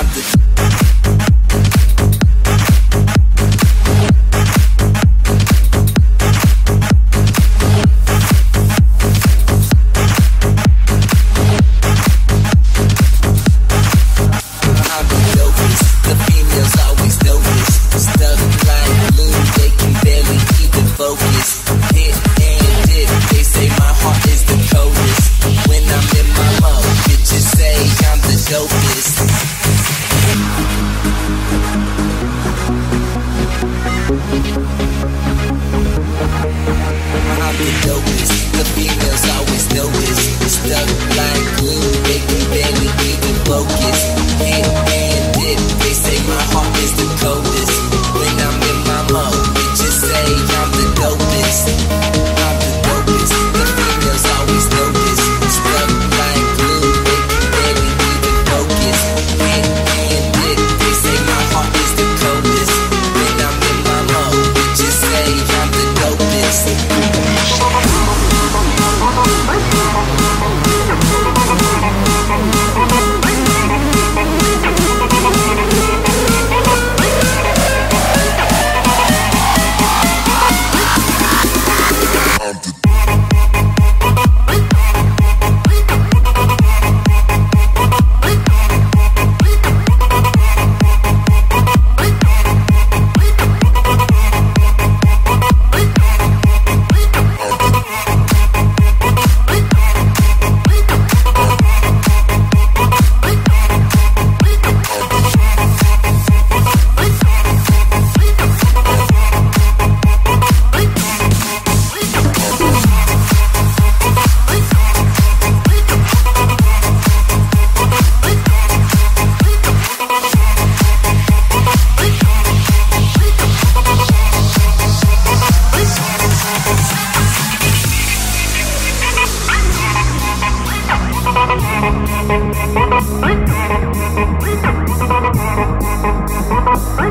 Abdul. Thank you.